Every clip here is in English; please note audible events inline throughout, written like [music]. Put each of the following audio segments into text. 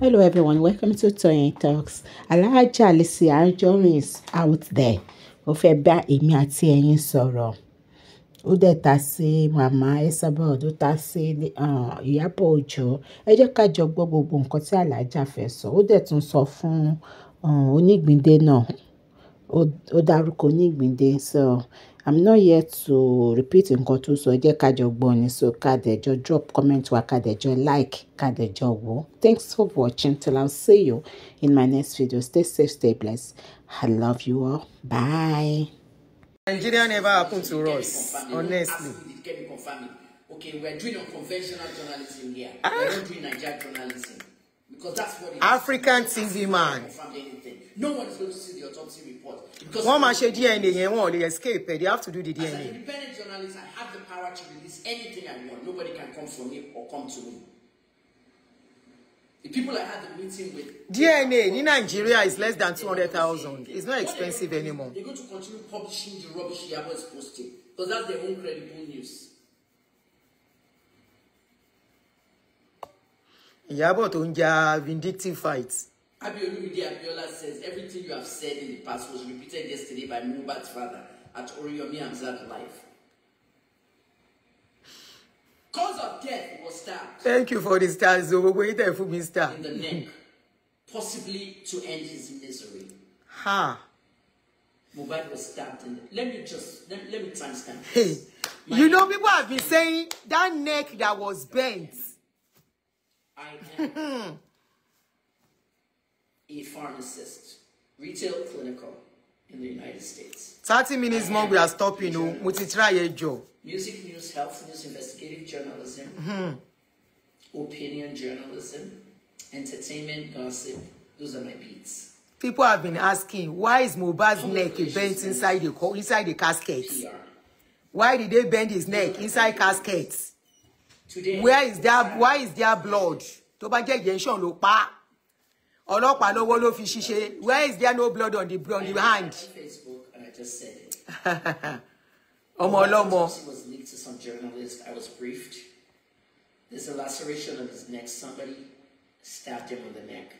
Hello everyone, welcome to Toyeen Talks. Alhaja Lizzy Anjorin is out there. Ó fẹ́ bá èmi àti ẹ̀yin sọ̀rọ̀. Ó dẹ̀ ta sí Màmá Esabod, ó ta sí uh, Ìyábọ̀ Òjó. Ẹ jẹ́ ká jọ gbọ́ gbogbo nǹkan tí Alhaja fẹ́ sọ. Ó dẹ̀ tún sọ fún uh, Onígbìndé náà. Ó dárúkọ Onígbìndé sọ. So, i'm not here to repeat nǹkan tó sọ jẹ́ ká jọ gbọ́ ni so ká dẹ̀jọ́ drop comment wa ká dẹ̀jọ́ like ká dẹ̀jọ́ wò thanks for watching till I see you in my next video stay safe stay blessed i love you all bye. nigeria never happen to us honestly. Okay, we're doing unconventional journalism here. Ah. We're doing Nigerian journalism. Because that's what African TV man. No one is going to see the autopsy report wọ́n máa ṣe DNA yẹn wọn ò lè escape ẹ̀ they have to do the DNA. As an independent journalist I have the power to release anything I want nobody can come for me or come to me. The people I had the meeting with. DNA in Nigeria is less than two hundred thousand. It's not expensive anymore. They're going to continue publishing the rubbish Yabo is posting because that's their own credible news. Ìyábọ̀ tó ń ja vindictive fights. Abiodunmide Abiola says, everything you have said in the past was repeated yesterday by Mubat's father at Oriyomi Hamzat Life. Cause of death was stabbed. Thank you for the stars. So we're going to me star. In the neck, possibly to end his misery. Ha. Mubat was stabbed in the... Let me just... Let, let me timestamp Hey, My you know people have been saying that neck that was bent. I am. [laughs] a pharmacist, retail clinical in the United States. 30 minutes more, we are stopping. Oh. Mo ti try ẹ jọ̀ọ́. Music news, health news, investigative journalism, mm-hmm. opinion journalism, entertainment, gossip. Those are my beats. People have been asking, why is Mohbad's neck bent inside the, inside the casket? Why did they bend his neck inside caskets? Today, Where is their, why is their blood? Tó bá jẹ́ jẹ́ ń pa á. ọlọ́pàá lọ́wọ́ ló fi ṣiṣẹ́ where is there no blood on the on the hand. [laughs] ọmọ ọlọ́mọ. There's a laceration on his neck. Somebody stabbed him on the neck,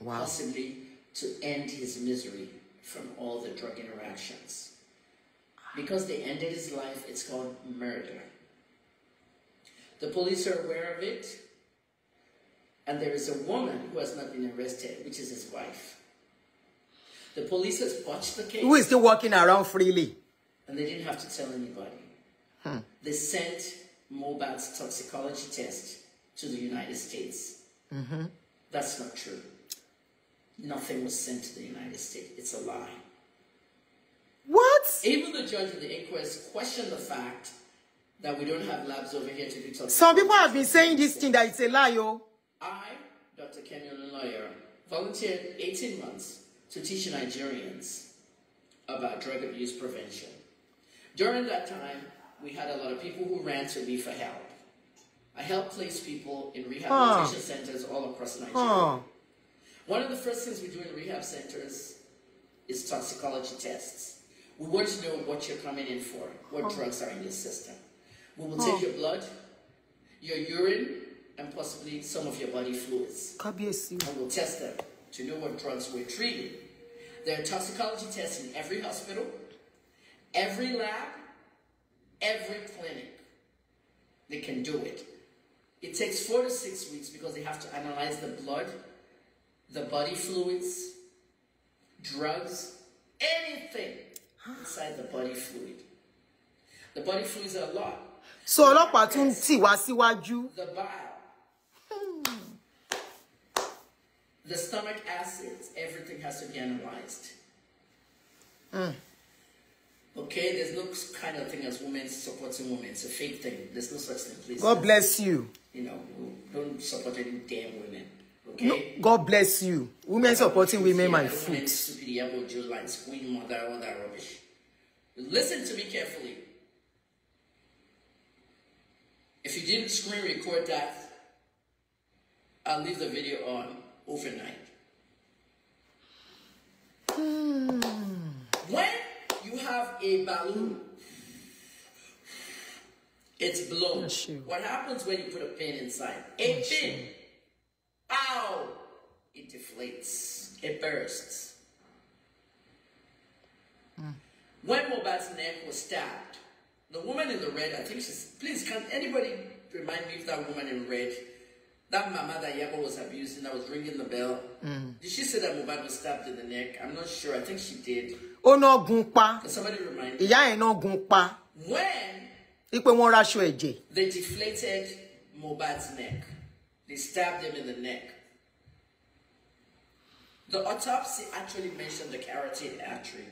wow. possibly to end his misery from all the drug interactions. Because they ended his life, it's called murder. The police are aware of it and there is a woman who has not been arrested, which is his wife. The police has watched the case. Who is still walking around freely? And they didn't have to tell anybody. Hmm. They sent mobile toxicology test to the United States. Mm -hmm. That's not true. Nothing was sent to the United States. It's a lie. What? Even the judge in the inquest questioned the fact that we don't have labs over here to do toxicology. Some people have been saying this thing that it's a lie, yo. Oh. I, Dr. Kenyon Lawyer, volunteered 18 months to teach Nigerians about drug abuse prevention. During that time, we had a lot of people who ran to me for help. I helped place people in rehabilitation huh. centers all across Nigeria. Huh. One of the first things we do in rehab centers is toxicology tests. We want to know what you're coming in for, what huh. drugs are in your system. We will take your blood, your urine, and possibly some of your body fluids. And we'll test them to know what drugs we're treating. There are toxicology tests in every hospital, every lab, every clinic. They can do it. It takes four to six weeks because they have to analyze the blood, the body fluids, drugs, anything inside the body fluid. The body fluids are a lot. So, ọlọ́pàá tún see what síwájú. The bile. the stomach acids, everything has to be analyzed. Mm. Okay, there's no kind of thing as women supporting women. It's a fake thing. There's no such thing, please. God bless you. You know, don't support any damn women. Okay? No, God bless you. Women supporting women, my food. Stupid lines, queen mother, all that rubbish. Listen to me carefully. If you didn't screen record that, I'll leave the video on overnight. Hmm. When you have a balloon, it's blown. What happens when you put a pin inside? A Not pin. Ow! It deflates. It bursts. Mm. When Mobat's neck was stabbed, the woman in the red, I think she's, please, can anybody remind me if that woman in red that mama that Yabo was abusing, that was ringing the bell, mm. did she say that Mubad was stabbed in the neck? I'm not sure. I think she did. Oh no, Gumpa. Can somebody remind me? Yeah, no, Gumpa. When? They deflated Mubad's neck. They stabbed him in the neck. The autopsy actually mentioned the carotid artery.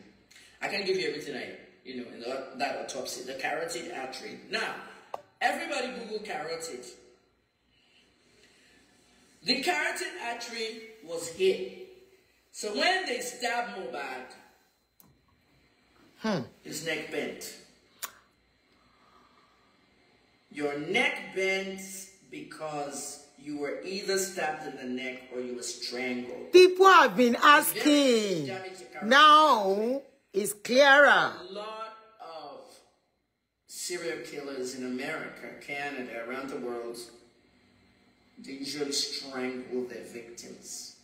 I can give you everything I, you know, in the, that autopsy, the carotid artery. Now, everybody Google carotid. The carotid artery was hit, So when they stabbed Mobad, hmm. his neck bent. Your neck bends because you were either stabbed in the neck or you were strangled. People have been asking. Now it's clearer. A lot of serial killers in America, Canada, around the world they usually strangle their victims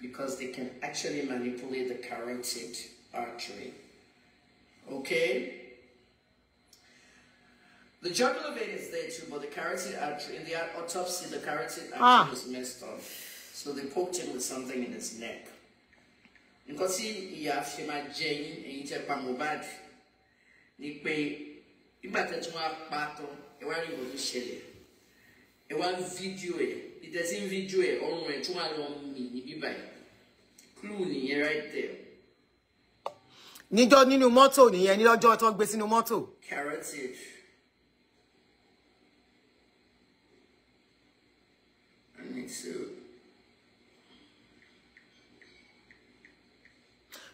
because they can actually manipulate the carotid artery. Okay? The jugular vein is there too, but the carotid artery, in the autopsy, the carotid artery ah. was messed up. So they poked him with something in his neck. Nǹkan tí ìyá fi máa jẹ yín èyí tẹ́ pa Mohbad ni pé nígbà tẹ́ tún wá pa tán ẹ wá rí ìwòye ṣẹlẹ̀. ɛwɔ video yɛ peterson video yɛ ɔmo ɛtuma na ɔmo mi ni bi ba yɛ clue nìyẹn right there. níjọ́ nínú mọ́tò nìyẹn nílọ́jọ́ tó ń gbé sínú mọ́tò. carotid.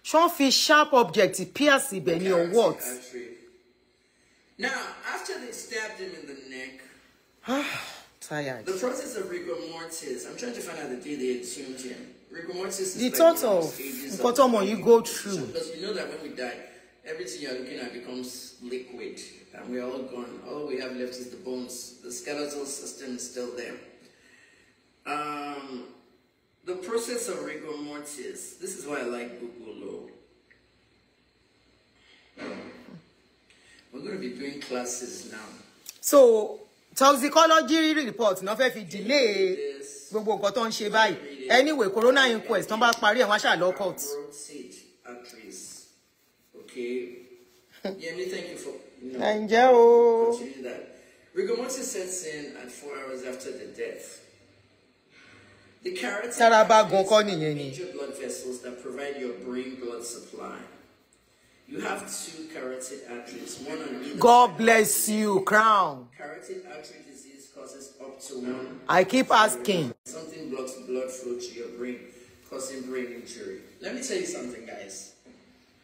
Sean fi sharp object pierce ibẹ̀ ni or what? Now, after they stabbed him in the neck, ah. tired. The process of rigor mortis, I'm trying to find out the day they assumed him. Rigor mortis the total. like of you go through. Because you know that when we die, everything you're looking at becomes liquid and we're all gone. All we have left is the bones. The skeletal system is still there. Um, the process of rigor mortis, this is why I like Bugolo. We're going to be doing classes now. So toxicology report náà fẹ́ fi delay gbogbo nǹkan tó ń ṣe báyìí anyway corona inquest tán bá parí ẹ̀ wọ́n lọ court. ǹjẹ́ o. Rigor mortis sets the death. The carotid taraba gan kọ́ nìyẹn ni. that provide your You have two carotid arteries, one on either God bless you, crown. Carotid artery disease causes up to one. I keep asking. Something blocks blood flow to your brain, causing brain injury. Let me tell you something, guys.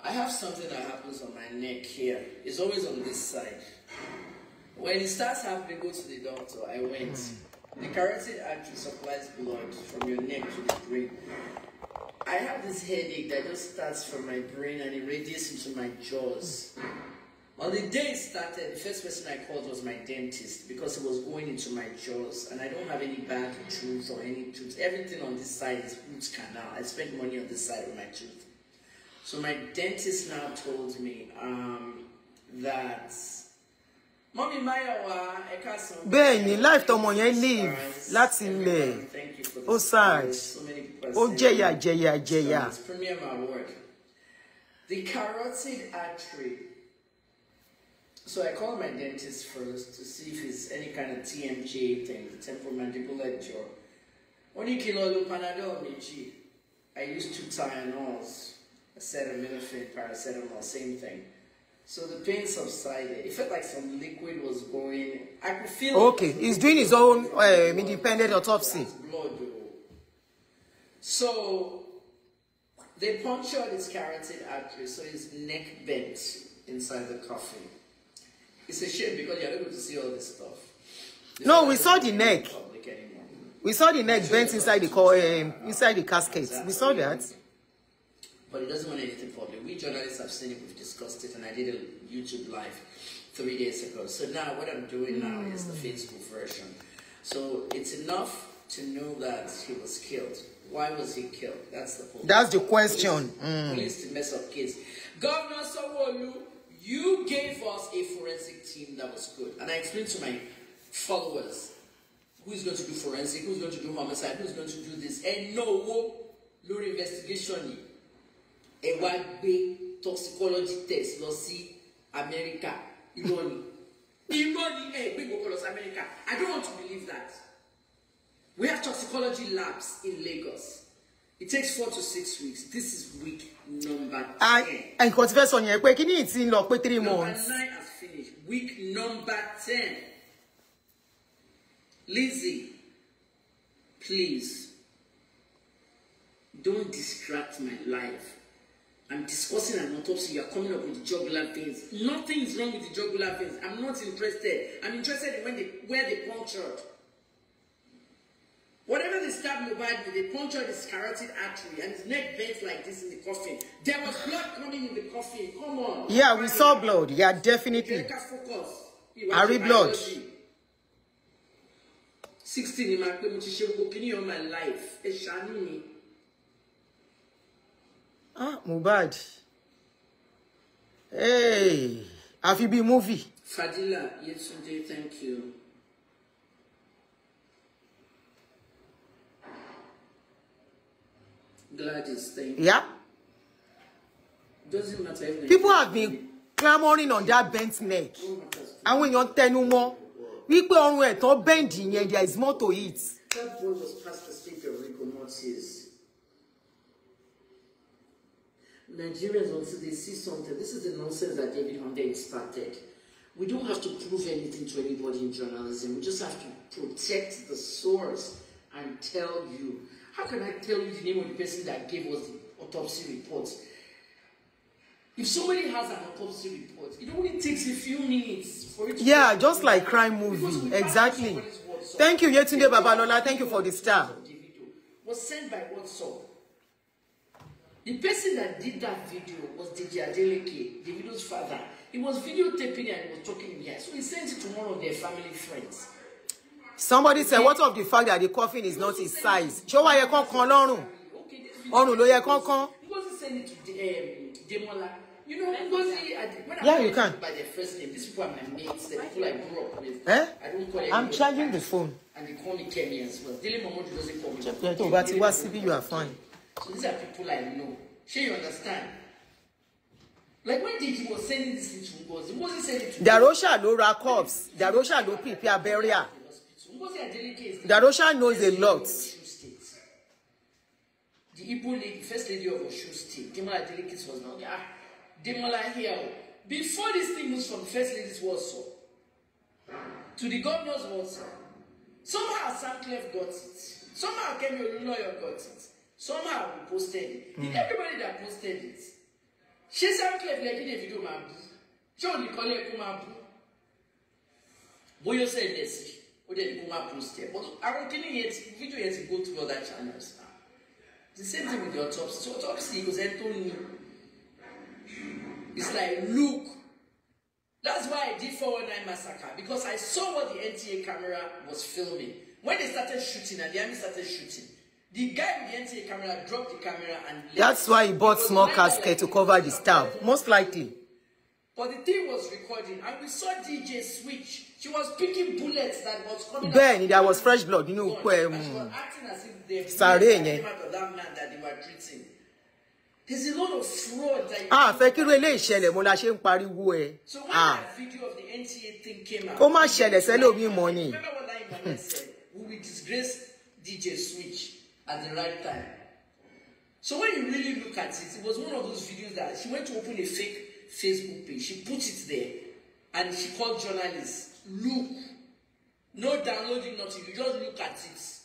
I have something that happens on my neck here. It's always on this side. When it starts happening, go to the doctor. I went. Hmm. The carotid artery supplies blood from your neck to the brain. I have this headache that just starts from my brain and it radiates into my jaws. On the day it started, the first person I called was my dentist because it was going into my jaws and I don't have any bad tooth or any tooth. Everything on this side is root canal. I spent money on this side of my tooth. So my dentist now told me um, that mọ́mí máyọ̀wá ẹ̀ka sàn. bẹ́ẹ̀ ni life tọmọ yẹn live láti ilẹ̀ ó sad ó jẹ̀yà jẹ̀yà jẹ̀yà. The carotid artery. So I called my dentist first to see if it's any kind of TMJ thing, the temporomandibular jaw. Only kilo lo Panadol méjì. I used two Tylenols, acetaminophen, paracetamol, same thing. So the pain subsided. It felt like some liquid was going. I could feel. Okay, he's doing his own uh, independent autopsy. Blood. So they punctured his carotid artery, so his neck bent inside the coffin. It's a shame because you're able to see all this stuff. This no, we saw the neck. We saw the neck bent inside the, coffin, um, inside the casket. Exactly. We saw that but it doesn't want anything public. We journalists have seen it, we've discussed it, and I did a YouTube live three days ago. So now what I'm doing now hmm. is the Facebook version. So it's enough to know that he was killed. Why was he killed? That's the point. That's the question. Police, mm. to mess up kids. Governor Sawolu, you gave us a forensic team that was good. And I explained to my followers, who's going to do forensic, who's going to do homicide, who's going to do this. And no, Lord investigation ẹ wá gbé toxicology test lọ sí America, irọ́ ni irọ́ ni ẹ gbé gbogbo lọ sí Amẹ́ríkà I don't want to believe that we have toxicology labs in Lagos it takes four to six weeks this is week number ah, ten. nǹkan tí fẹ́ sọ yẹn pé kí ni ìtì ń lọ pé three months. number nine has finished week number ten Lizzie please don't distract my life I'm discussing an autopsy, you're coming up with the jugular veins. Nothing is wrong with the jugular veins. I'm not interested. I'm interested in when they, where they punctured. Whatever they stabbed Mohbad with, they punctured his carotid artery and his neck bent like this in the coffin. There was blood coming in the coffin. Come on. Yeah, we saw blood. Yeah, definitely. Focus. we blood. 16 in my, my life ah Mohbad hey have you been movie. Fadila yesterday, thank you. Gladys thank you. Yeah. Doesn't matter people have been clamoring on that bent neck. Oh, Àwọn èèyàn tẹnu mọ́ wípé ọrùn ẹ̀ tán bend yẹn there is more to eat. That was past speaker Rico Mortis. Nigerians also they see something. This is the nonsense that David Hunter started. We don't have to prove anything to anybody in journalism. We just have to protect the source and tell you. How can I tell you the name of the person that gave us the autopsy report? If somebody has an autopsy report, it only takes a few minutes for it Yeah, just like crime movie. Exactly. Thank you, Yetunde Babalola. Thank you for the star. Was sent by WhatsApp The person that did that video was DJ Adeleke, Davido's father. He was videotaping and he was talking here. So he sent it to one of their family friends. Somebody said, what of the fact that the coffin is not his size? Show why yẹ can't call on Ọrùn ló yẹ kán kan. He wasn't sending it to um, Demola. You know, because he, when I yeah, you can. by their first name, This is are my mates, the people I grew up with. Eh? I don't call I'm charging the phone. And they call me Kemi as well. Dele Momodu doesn't call me. But what bá you are fine. So these are people I know. Sure, you understand? Like when did he was sending this thing to Ngozi, Ngozi said it to Darosha no ra corpse. Darosha no prepare burial. Darosha knows a lot. The Igbo lady, first lady of Osun State, Demola was not there. Demola here. Before this thing moves from first lady's Warsaw to the governor's Warsaw, somehow Sam Clef got it. Somehow Kemi lawyer got it. Somehow we posted it. Mm. Did hmm. everybody that posted it? Ṣé Soundclave lè dídè fídíò máa bú? Ṣé òní kọ́lé ẹ̀kú máa bú? Bóyá ó sẹ̀ ẹ̀ sí, ó dẹ̀ ní kó máa post But àwọn kìíní yẹn ti fídíò yẹn ti go through other channels now. The same thing with the autopsy. So autopsy kò sẹ́ni tó ní. It's like look. That's why I did 419 massacre because I saw what the NTA camera was filming. When they started shooting and the army started shooting, The guy with the NTA camera dropped the camera and left. That's why he bought small casket to cover the stab. most likely. But the thing was recording, and we saw DJ switch. She was picking bullets that was coming Bẹ́ẹ̀ni, there was fresh blood, you know, where, um, and she hmm. was acting as if they Sare, yeah. that man that they were treating. There's a lot of fraud that Ah, fake kí irú eléyìí ṣẹlẹ̀ mo la ṣe So when ah. that video of the NCA thing came out, ó má ṣẹlẹ̀ sẹ́lẹ̀ omi mọ́ ni. Remember what that man said? We disgrace DJ Switch at the right time. So when you really look at it, it was one of those videos that she went to open a fake Facebook page. She put it there and she called journalists. Look, no downloading nothing. You just look at it.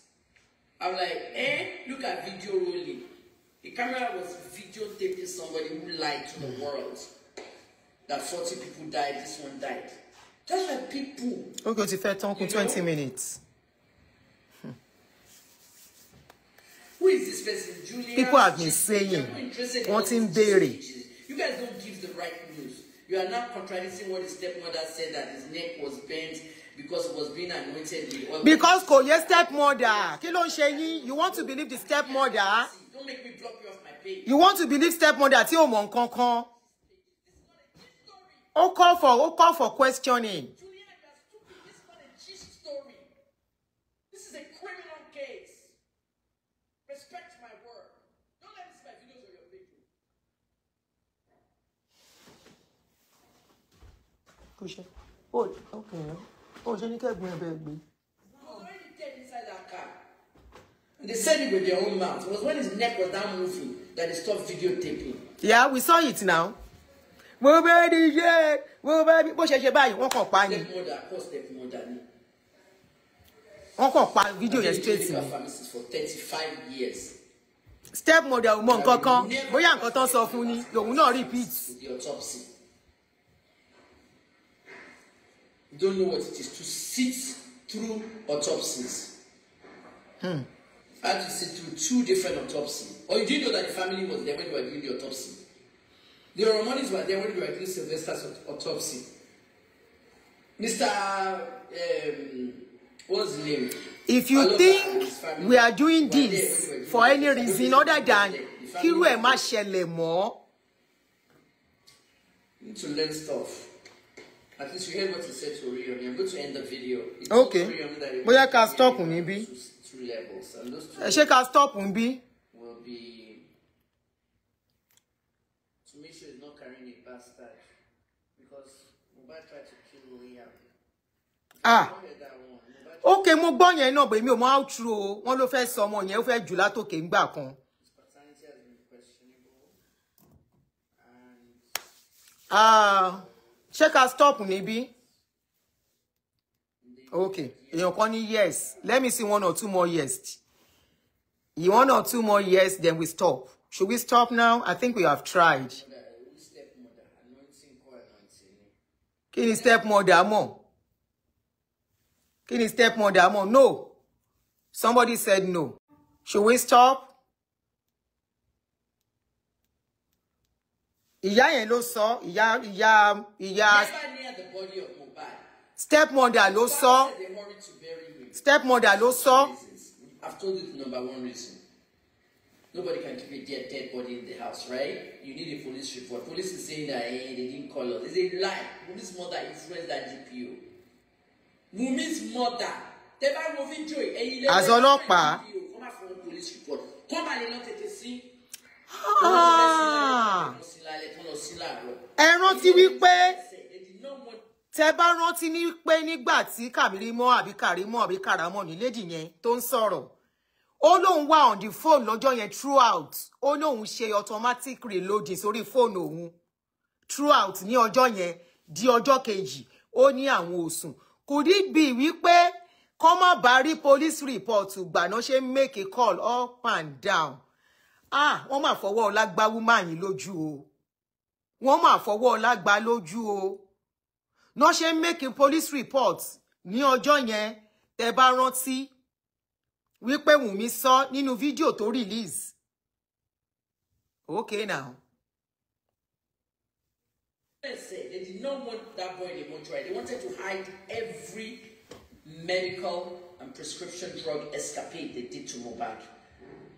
I'm like, eh? Look at video rolling. The camera was videotaping somebody who lied to the world that 40 people died, this one died. That's why people. Okay, it's 20 minutes. People have been saying, wọ́n ti ń béèrè. You guys don't give the right news. You are now contradicting what the stepmother said that his neck was bent because it was being anointed with oil. Because kò stepmother. Kí ló You want to believe the stepmother? Don't make me block you off my page. You want to believe stepmother tí ò mọ̀ call for ó call for questioning. kúṣẹ́ ó ó ṣe ní kẹ́gbọ́n ẹ̀ bẹ́ẹ̀ gbé. They said it with their own mouth. It was when his neck was down moving that they stopped videotaping. Yeah, we saw it now. Mo bẹ́ di ṣe mo bẹ́ bí bó ṣe ṣe báyìí wọ́n kàn pa ni. Stepmother call stepmother ni. Wọ́n kàn pa Video yẹn straight ni. for thirty five years. Stepmother ò mọ nǹkan kan bóyá nǹkan tán sọ fún ni lòun náà repeat. The autopsy. don't know what it is to sit through autopsies. Hmm. I had to sit through two different autopsies. Or you didn't know that the family was there when you were doing the autopsy. The Romanians were there when you were doing Sylvester's autopsy. Mr. Um, what's his name? If you Aloba think we are doing this there, for any reason other than irú ẹ̀ má You need to learn stuff. At least you heard what he said to Oriyomi. I'm going to end the video. It's okay. Bóyá ká stop níbí. Two levels. And those two Ẹ ṣé ká stop níbí. Will be to make sure he's not carrying a bastard because Mohbad tried to kill Liam. Ah. Okay, mo gbọ́ yẹn náà, but èmi ò mọ outro o. Wọ́n ló fẹ́ sọ ọmọ yẹn, ó fẹ́ jù látòkè ńgbà kan. Ah ṣé ká stop níbí okay èèyàn kan ní yes let me see one or two more yes you one or two more yes then we stop should we stop now i think we have tried. kí ni stepmother mọ̀ kí ni stepmother mọ̀ no somebody said no should we stop. ìyá yẹn ló sọ ìyá ìyá ìyá stepmother ló sọ stepmother ló sọ. I've told you the number one reason. Nobody can keep a dead, dead body in the house, right? You need a police report. Police is saying that hey, they didn't call us. It's a lie. Wumi's mother influenced that DPO. Wumi's mother. Tẹ́ bá wo fídíò ẹ̀yin lẹ́yìn. As Come out from police report. Come and not take a scene. Ah! ẹ rántí wípé tẹ bá rántí ní pé nígbà tí kàrímọ àbí kàrímọ àbí kàrámọ ní lédì yẹn tó ń sọ̀rọ̀ ó lóun wà on the phone lọ́jọ́ yẹn throughout ó lóun ṣe automatic reloading sórí fóònù òun throughout ní ọjọ́ yẹn di ọjọ́ kejì ó ní àwọn òsùn could it be wípé kọ́ má bá rí police report gbàná ṣe make a call up and down ah wọ́n máa fọwọ́ ọlá gbá woman yìí loju. o wọ́n máa fọwọ́ ọlá gbá lójú o náà ṣe ń make police report ní ọjọ́ yẹn tẹ bá rántí wípé Wùnmí sọ nínú fídíò tó release okay now. They did not want that boy in the mortuary. They wanted to hide every medical and prescription drug escapade they did to Mohbad.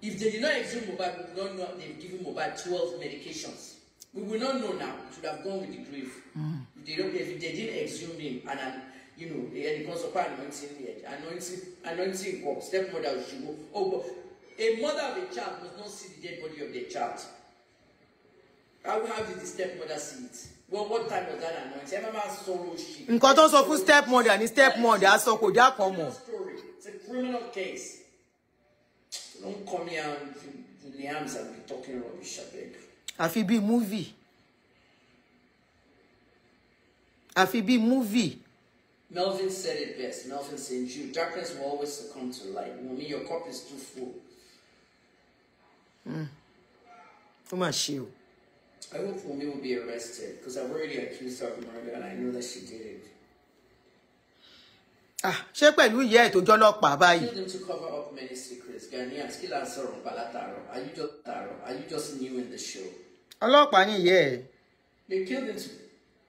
If they did not exhume Mohbad, we would not know They given Mohbad 12 medications. We will not know now. We should have gone with the grave. Mm. If, they don't, if they didn't exhume him and, and you know, they had the concept of anointing, the anointing, anointing God, stepmother should go. Oh, but a mother of a child must not see the dead body of their child. How, how did the stepmother see it? Well, what time was that anointing? Ẹ mama sọ̀rọ̀ ṣì. Nǹkan tó sọ fún stepmother ni stepmother sọ kò já kan mọ̀. It's a criminal case. Don't come here and Liam's and be talking rubbish, I beg. movie. Àfi movie. Melvin said it best. Melvin said, Jew, darkness will always succumb to light. Mummy, your cup is too full. Mm. Ó mà ṣe o. ma se hope Mummy will be arrested because I've already accused her of murder and I know that she did it. ah ṣé pẹ̀lú ìyá ẹ̀ tó jọ́lọ́pàá báyìí. ọlọ́pàá ni ìyá ẹ̀. They killed him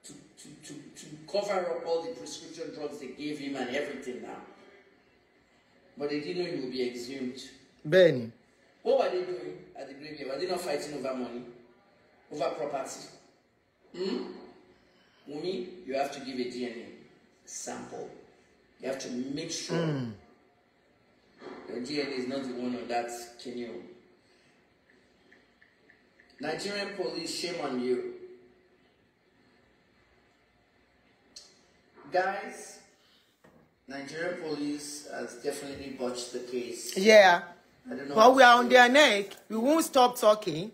to, to, to, to, cover up all the prescription drugs they gave him and everything now. But they didn't know he would be exhumed. Bẹ́ẹ̀ni. What were they doing at the graveyard? Were they not fighting over money? Over property? Hmm? Mummy, you have to give a DNA sample. You have to make sure mm. your DNA is not the one on that canoe. Nigerian police, shame on you. Guys, Nigerian police has definitely botched the case. Yeah. I don't know but we are on their neck. We won't stop talking.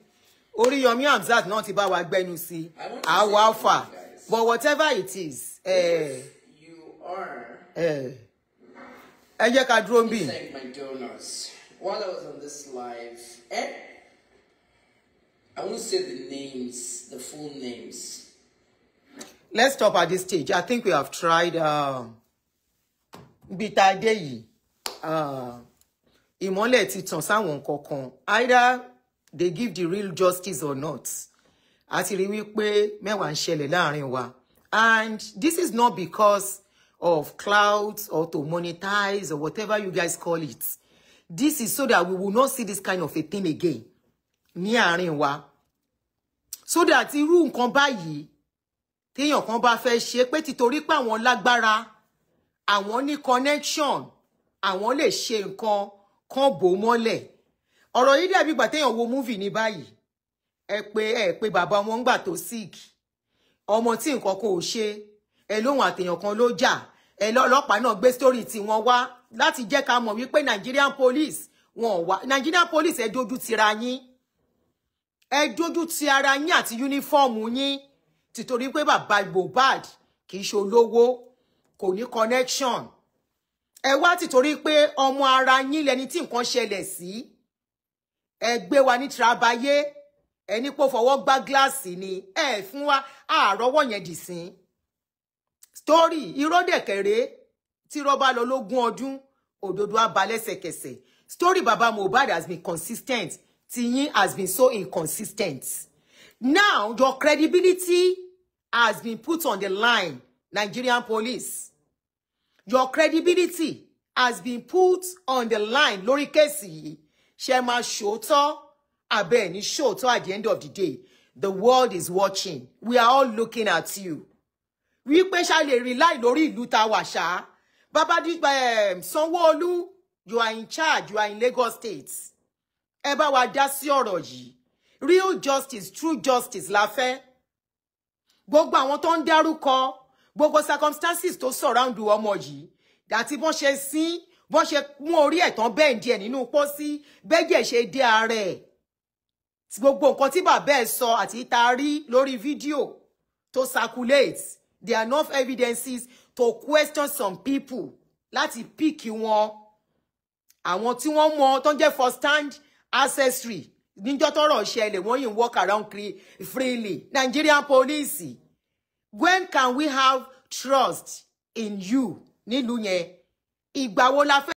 Oriyomi Hamzat not about Benu Benusi, our alpha. But whatever it is, uh, you are ẹ jẹ́ ká dúró bí. Eh? Let's stop at this stage. I think we have tried um, bitade yìí uh, ìmọ́lẹ̀ ti tàn sáwọn kankan either they give the real justice or not. A ti rí wípé mẹ́wàá ń ṣẹlẹ̀ láàrin wa and this is not because of clouds or to monetize or whatever you guys call it. This is so that we will not see this kind of a thing again. Ní àárín wa. So that irú nǹkan báyìí téèyàn kan bá fẹ́ ṣe pé títorí pé àwọn lágbára àwọn ní connection àwọn lè ṣe nǹkan kan bò mọ́lẹ̀ ọ̀rọ̀ yìí dàbí ìgbà téèyàn wo múvì ní báyìí ẹ pé ẹ pé bàbá wọn ń gbà tó sick ọmọ tí nǹkan kò ṣe ẹ lóhun àtèèyàn kan ló jà ẹ lọ́lọ́pàá náà gbé story tí wọ́n wá láti jẹ́ ká mọ̀ wípé Nigerian police wọn wá Nigerian police ẹ dojú tira yín ẹ dojú ti ara yín àti yúnífọ́ọ̀mù yín tìtorí pé bàbá Mohbad kì í ṣe olówó kò ní connection ẹ wá tìtorí pé ọmọ ara yín lẹni tí nǹkan ṣẹlẹ̀ sí ẹ gbé wa ní tirabayé ẹni pò fọwọ́ gbá gíláàsì ni ẹ fún wa àárọ̀wọ̀ yẹn dì sín story irọ́ dẹ̀kẹ̀rẹ́ tí rọ́bà lọ lógún ọdún òdodo á ba lẹ́sẹ̀kẹsẹ̀ story baba Mohbad has been consistent tiyín has been so inconsistent now your credibility has been put on the line Nigerian police your credibility has been put on the line lórí kéèsì yìí ṣe máa ṣòótọ́ abẹ́ ní ṣòótọ́ at the end of the day the world is watching we are all looking at you wípé ṣá lè rely lórí ìlú ta wà ṣá bàbá ehm, Sanwó-Olú you are in charge you are in Lagos State ẹ bá wa dá sí ọ̀rọ̀ yìí real justice true justice la fẹ́ gbogbo àwọn tó ń dárúkọ gbogbo circumstances tó surround ọmọ yìí àti bọ́n ṣe sin bọ́n ṣe mú orí ẹ̀tàn bẹ́ẹ̀ díẹ̀ nínú pósí bẹ́jẹ̀ ṣe dé ara ẹ̀ gbogbo nǹkan tí bàbá ẹ̀ sọ àti tá a rí lórí fídíò tó circulate there are enough evidences to question some people láti pick wọn I want you one more. Don't get first stand accessory níjọ́ tọ́rọ̀ ṣẹlẹ̀ wọ́n yìí walk around freely Nigerian police when can we have trust in you Ni yẹn ìgbà wo la fẹ́.